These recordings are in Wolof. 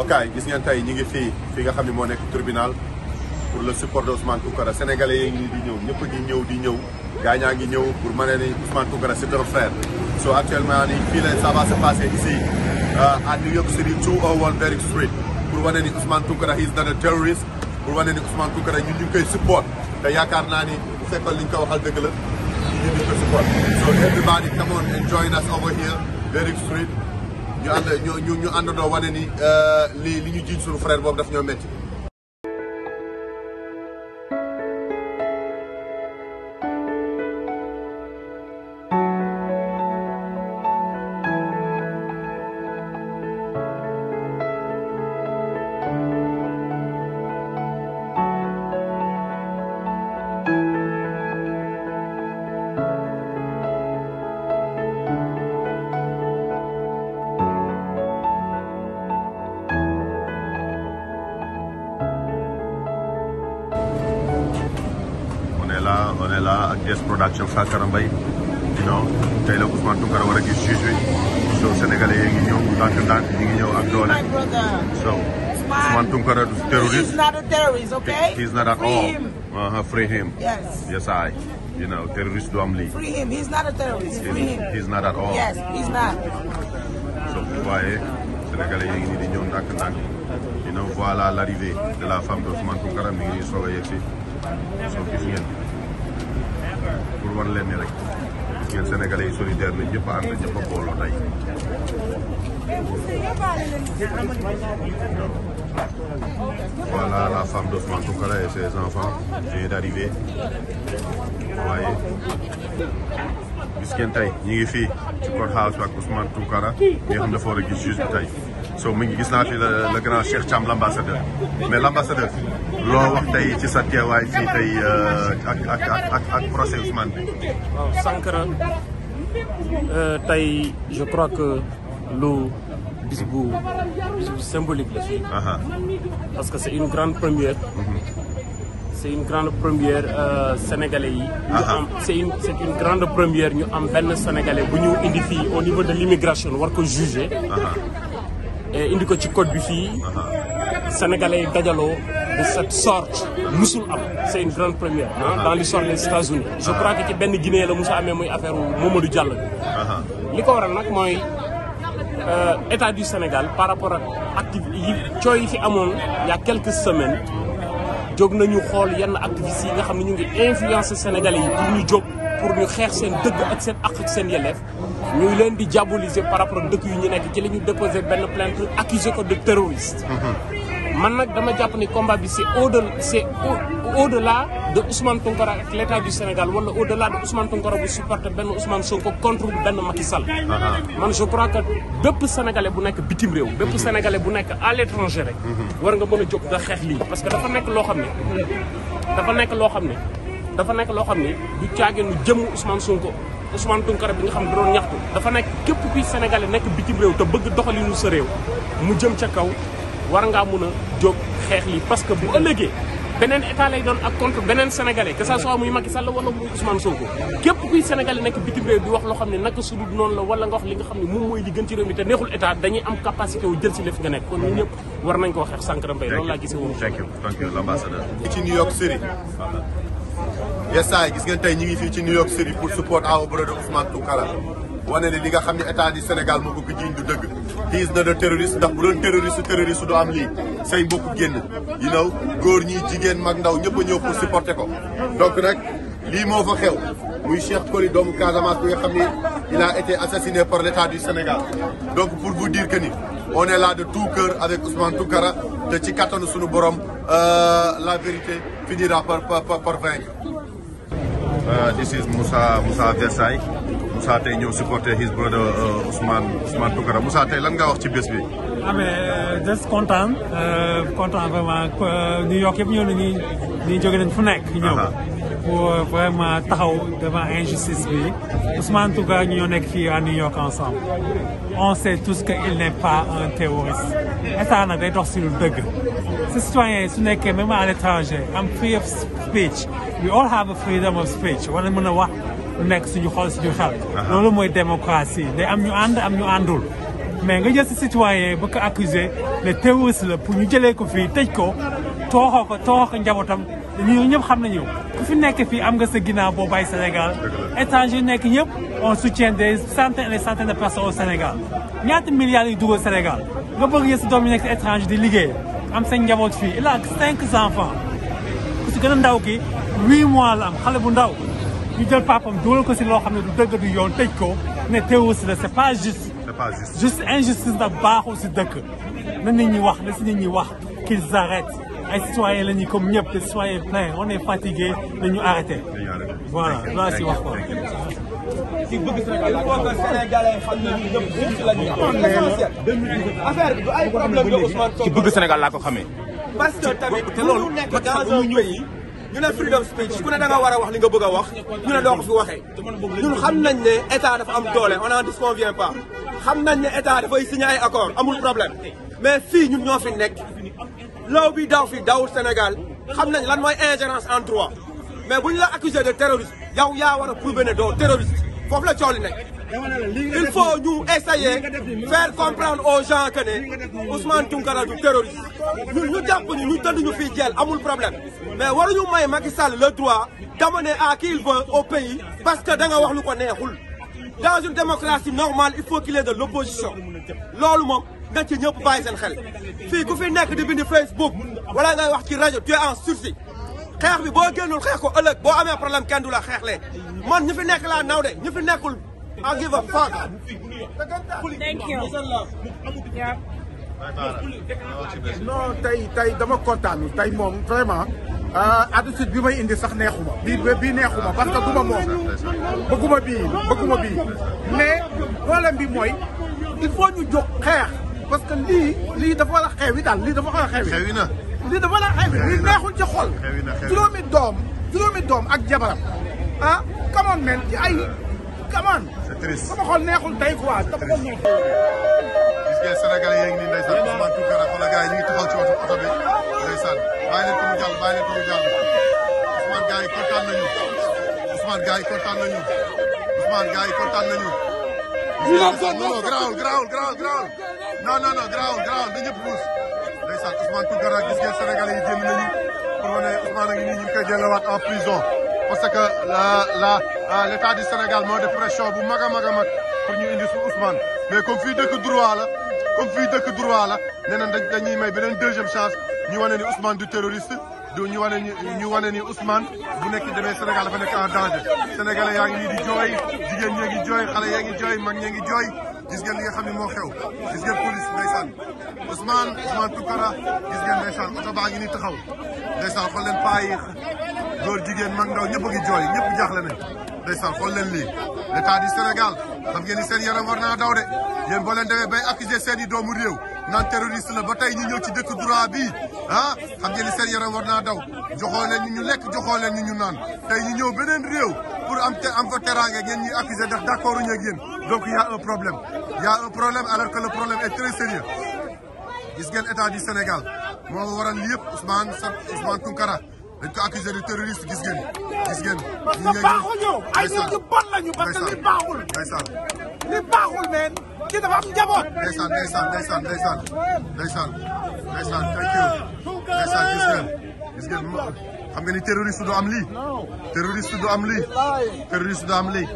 okaay gis ngeen tey ñi ngi fii fi nga xam ne moo nekk tribunal pour le support de Ousmane Tounkara sénégalais yi ngi di ñëw ñëpp di ñëw di ñëw gaa ñaa ngi ñëw pour ma ne ni Ousmane Tounkara c'est leur frère so actuellement nii fii la ça va se passer ici euh, à New York City 201 Berwick Street pour wane ni Ousmane Tounkara he is not a terrorist pour wane ni Ousmane Tounkara ñun ñu ngi koy support te yaakaar naa ni sekkal li ñu ko waxal dëgg la ñu ngi ko support so everybody come on and join us over here Berwick Street ñu ànd ñu ñu àndandoo wane ni euh, li li ñu jiiñ suñu boobu def ñoo métti. production Sankara Mbaye you know tey la Ousmane Tounkara war a gis juge bi so sénégalais yi ngi ñëw ndànk ndànk ñi ngi ñëw ak doole so Ousmane Tounkara du terrorist he's not a terrorist okay he's not at all uh-huh, free him yes yes I you know terrorist du am lii free him he's not a terrorist free him he's not at all yes he's not so vous voyez sénégalais yi ngi di ñëw ndànk ndànk you know voilà l'arrivée de la femme de Ousmane Tounkara mi ngi soog a yegsi so gis ngeen pour wan leen ni rek gis ngeen sénégalais yi solidaire nañ ñëpp ànd ñëpp a tey. la femme d'Ousmane Tounkara et ses enfants vient d'arriver waaye gis ngeen tey ñu ngi fii ci courthouse bi ak Ousmane Tounkara ñi nga xam dafa war a bi tey. so mu ngi gis naa fi le grand Cheikh Thiam l' ambassadeur mais l' ambassadeur loo wax tey ci sa teewaay fii tey euh, ak ak ak ak euh, tey je crois que lu bis bu bis bu symbolique la fii. parce que c' une grande première. Mhm. c' est une grande première euh, sénégalais yi. ñu am c' est une grande première ñu am benn sénégalais bu ñu indi fii au niveau de l' immigration war ko juger. indi ko ci code bi fii sénégalais yi dajaloo de cette sorte musul am c'est une grande première dans l'histoire des États-Unis je crois que ci benn Guinée la musa amee muy affaire Mamadou Diallo bi li ko waral nag mooy euh, état du Sénégal par rapport ak activité yi yi fi amoon il a quelques semaines jóg nañu xool yenn activistes yi nga xam ne ñu ngi influencer sénégalais yi pour ñu jóg pour ñu xeex seen dëgg ak seen ak ak seen yelleef ñuy leen di diaboliser par rapport dëkk ñu nekk ci la ñu déposé benn plainte accusé ko de terroriste mhm. man nag dama jàpp ni combat bi c'est au delà c'est de Ousmane Tounkara ak l'état du Sénégal wala au delà de Ousmane Tounkara bu supporter benn Ousmane Sonko contre benn Macky Sall. Mhm. man je crois que bépp sénégalais bu nekk bitim réew. bépp mhm. sénégalais bu nekk à l'étranger war nga mën a jóg nga xeex lii parce que dafa nekk loo xam ne. dafa nekk loo xam ne. dafa nekk loo xam ni du caageenu jëmm Ousmane Sonko Ousmane Tounkara bi nga xam ne da doon ñaxtu dafa nekk képp kuy sénégalais nekk bitim réew te bëgg doxalinu sa réew mu jëm ca kaw war ngaa mun a jóg xeex li parce que bu ëllëgee beneen état lay doon ak contre beneen sénégalais que ça soit muy Macky Sall wala muy Ousmane Sonko képp kuy sénégalais nekk bitim réew di wax loo xam ne naka su dul noonu la wala nga wax li nga xam ne moom mooy li gën ci réew mi te neexul état dañuy am capacité wu jël si lef nga yes saay gis ngeen tey ñu ngi fii ci New York City pour support our brother Ousmane Tounkara wane ne li nga xam ne état du Sénégal moo ko ko jiiñ du dëgg he is not a terrorist ndax bu doon terroriste terroriste du say mbokk génn you know góor ñi jigéen mag ndaw ñëpp ñëw pour supporter ko donc nag lii moo fa xew muy Cheikh Coly doomu Casamance bi nga xam ni il a été assassiné par l' état du Sénégal donc pour vous dire que ni on est là de tout cœur avec Ousmane Tounkara te ci kattanu suñu borom euh, la vérité finira par par par vaincre Uh, this is Moussa Moussa Versailles Moussa tey ñëw supporter his brother uh, Ousmane Ousmane Tounkara Moussa tey lan nga wax ci bés bi. ah mais euh, just kontaan kontaan euh, vraiment New York yëpp ñëw na nii nii jóge nañ fu nekk. ñëw pour euh, vraiment taxaw devant injustice bi Ousmane Tounkara ñu ñoo nekk fii à New York ensemble on sait tous que il n'est pas un terroriste état nag day dox si lu dëgg. sa citoyen yi su nekkee même à l'étranger am free of speech we all have a freedom of speech wala mën a wax lu nekk suñu xol suñu xel loolu mooy démocratie day am ñu ànd am ñu àndul mais nga jël sa citoyen yi ba ko accuser ne terroriste la pour ñu jëlee ko fii tëj ko tooxoo ko tooxoo ko njabootam ñëpp xam nañu ku fi nekk fii am nga sa ginnaaw boo bàyyi Sénégal étranger nekk ñëpp on soutient des santen et des centaines de personnes au Sénégal ñaata milliards yu dugal Sénégal nga bëgg jël sa doom nekk étranger di liggéey am seen njaboot fii il a cinq enfants ku si gën a ndaw ki huit mois la am xale bu ndaw ñu jël papam dugal ko si loo xam ne du dëgg du yoon tëj ko ne terroriste la c'est pas juste. c'est pas juste juste injustice la baaxul si dëkk na nit ñi wax na si nit ñi wax qu'ils arrêtent ay citoyen la ñuy comme ñëpp te citoyen plein on est fatigué nañu arrêté voilà laa si wax quoi ci bëgg Sénégal bi du ay problème de Ousmane Sonko. ci bëgg Sénégal laa ko xamee. parce que tamit mënu nekk dans un pays ñu ne freedom speech ku ne da war a wax li nga bëgg a wax ñu ne doo ko fi waxee ñun xam nañ ne état dafa am doole on n'en disconvient pas xam nañ ne état dafay signé ay accord amul problème mais fii ñun ñoo fi nekk loow bi daw fi dawul Sénégal xam nañ lan mooy ingérence en droit mais bu ñu la accusé de terrorisme yow yaa war a prouver ne doo terroriste foofu la coow li nekk il faut ñu essayer faire comprendre aux gens que ne Ousmane Tounkara du terroriste ñun ñu jàpp ñu ñu tëdd ñu fii jël amul problème mais waruñu may Macky Sall le droit d'amener à qui il veut au pays parce que da nga wax lu ko neexul dans une démocratie normale il faut qu'il y ait de l'opposition loolu moom na ci ñëpp bàyyi seen fii ku fi nekk di bind Facebook wala ngay wax ci rajo tu es en sursis xeex bi boo génnul xeex ko ëllëg boo amee problème kenn du la xeexlee man ñu fi nekk laa naw de ñu fi nekkul I give a fuck. Thank you. Yeah. non tey tey dama kontaan tey moom vraiment. Euh, attitude bi may indi sax neexuma bii bii neexuma parce que duma moom bëgguma bii bëgguma bii mais bi mooy il faut ñu jóg xeex parce que lii lii dafa war a xewi daal lii dafa war a xewi. xewi na. li dafa la xew li neexul ci xol juróomi doom juróomi doom ak jabaram ah come on man ci ay come on c'est triste sama xol neexul day quoi dafa ko neex gis ngeen Sénégal yi ngi nii ndeysaan Ousmane Tounkara xoolal gars yi ñu ngi taxaw ci oto bi ndeysaan bàyyi leen ko mu jàll bàyyi leen ko mu jàll Ousmane gars yi kontaan nañu Ousmane gars yi kontaan nañu Ousmane gars yi kontaan nañu non non garaawul garaawul garaawul non non non garaawul garaawul na ñëpp puus ndeysaan Ousmane Tounkara gis ngeen Sénégalais yi génn nañu pour wane Ousmane ak yi nii ñu ngi koy delluwaat en prison parce que la la l' état du Sénégal moo def pression bu mag a mag a mag pour ñu indi su Ousmane mais comme fii dëkk droit la comme fii dëkk droit la nee na dañuy may beneen deuxième chance ñu wane ni Ousmane du terroriste du ñu wane ni ñu wane ni Ousmane bu nekk demee Sénégal dafa nekk en danger sénégalais yaa ngi nii di jooy jigéen ñee ngi jooy xale yaa ngi jooy mag ñee ngi jooy. gis ngeen li nga xam ne moo xew gis ngeen police ndeysaan Ousmane Ousmane Tounkara gis ngeen ndeysaan oto baa ngi ni taxaw ndeysaan xool leen paa yi góor jigéen mag ndaw ñëpp a ngi jooy ñëpp jaaxle nañ ndeysaan xool leen lii l'état du Sénégal xam ngeen ni seen yaram war daw de yéen boo leen demee bay accuser seen i doomu réew naan terroriste la ba tey ñu ñëw ci dëkk droit bi ah xam ngeen ni seen yaram war naa daw joxoo leen ñu ñu lekk joxoo leen ñu ñu naan tey ñu ñëw beneen réew pour am am fa teraanga ngeen ñuy accuser ndax d'accord ñu ak yéen donc y a un problème y a un problème alors que le problème est très sérieux gis ngeen état du Sénégal moo waral lii yëpp Ousmane Sa Ousmane Tounkara dañ ko accusé de terroriste gis ngeen gis ngeen. ñu ngi baaxul yow ay nit ñu bon lañu parce que li baaxul. ndeysaan li baaxul meen kii dafa am njaboot. ndeysaan ndeysaan ndeysaan ndeysaan ndeysaan ndeysaan thank you ndeysaan gis ngeen. gis ngeen xam nga ni terroriste du am lii. terroriste du am lii. terroriste du am lii.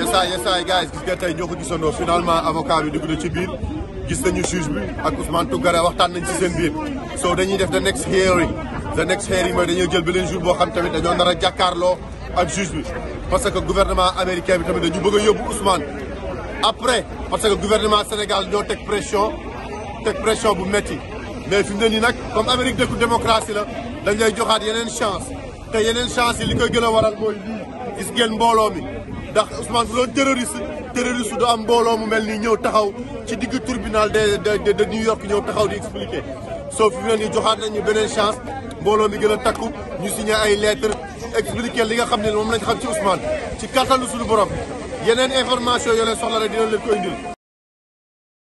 yesaa yesaay gars yi gis ngeen tey ñoo ko gisandoo finalement avocat bi dugg ci biir gis nañu juge bi ak Ousmane Tounkara waxtaan nañ ci seen biir so dañuy def the next hearing the next mooy dañoo jël beneen jour boo xam tamit dañoo nar a ak juge bi parce que gouvernement américain bi tamit dañu bëgg a yóbbu Ousmane après parce que gouvernement Sénégal ñoo teg pression teg pression bu metti mais fi mu ne nii nag comme Amérique dëkku démocratie la dañ lay joxaat yeneen chance te yeneen chance yi li koy gën a waral mooy lii gis ngeen mbooloo mi ndax Ousmane bu doon terroriste terroriste du am mbooloo mu mel ni ñëw taxaw ci digg tribunal de de New York ñëw taxaw di expliquer soo fi mu ne nii joxaat nañu beneen chance mbooloo mi gën a takku ñu signé ay lettre expliquer li nga xam ne moom lañ xam ci Ousmane ci kattanu suñu borom yeneen information yoo leen soxla rek dinañ leen ko indil